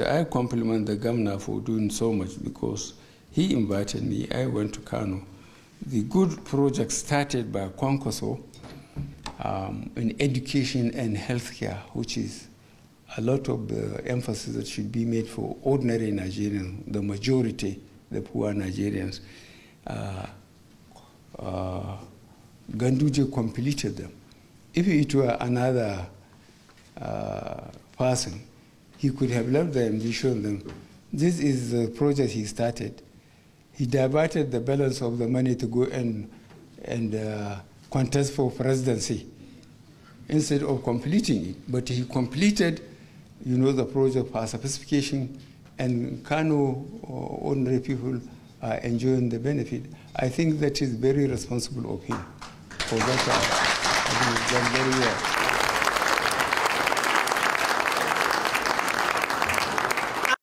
I compliment the governor for doing so much because he invited me. I went to Kano. The good project started by Kwankoso um, in education and healthcare, which is a lot of the emphasis that should be made for ordinary Nigerians, the majority, the poor Nigerians. Uh, uh, Ganduje completed them. If it were another uh, person, he could have left them He showed them. This is the project he started. He diverted the balance of the money to go and, and uh, contest for presidency instead of completing it. But he completed, you know, the project for pacification, and Kano uh, ordinary people are enjoying the benefit. I think that is very responsible of him. For that, uh, I think done very well.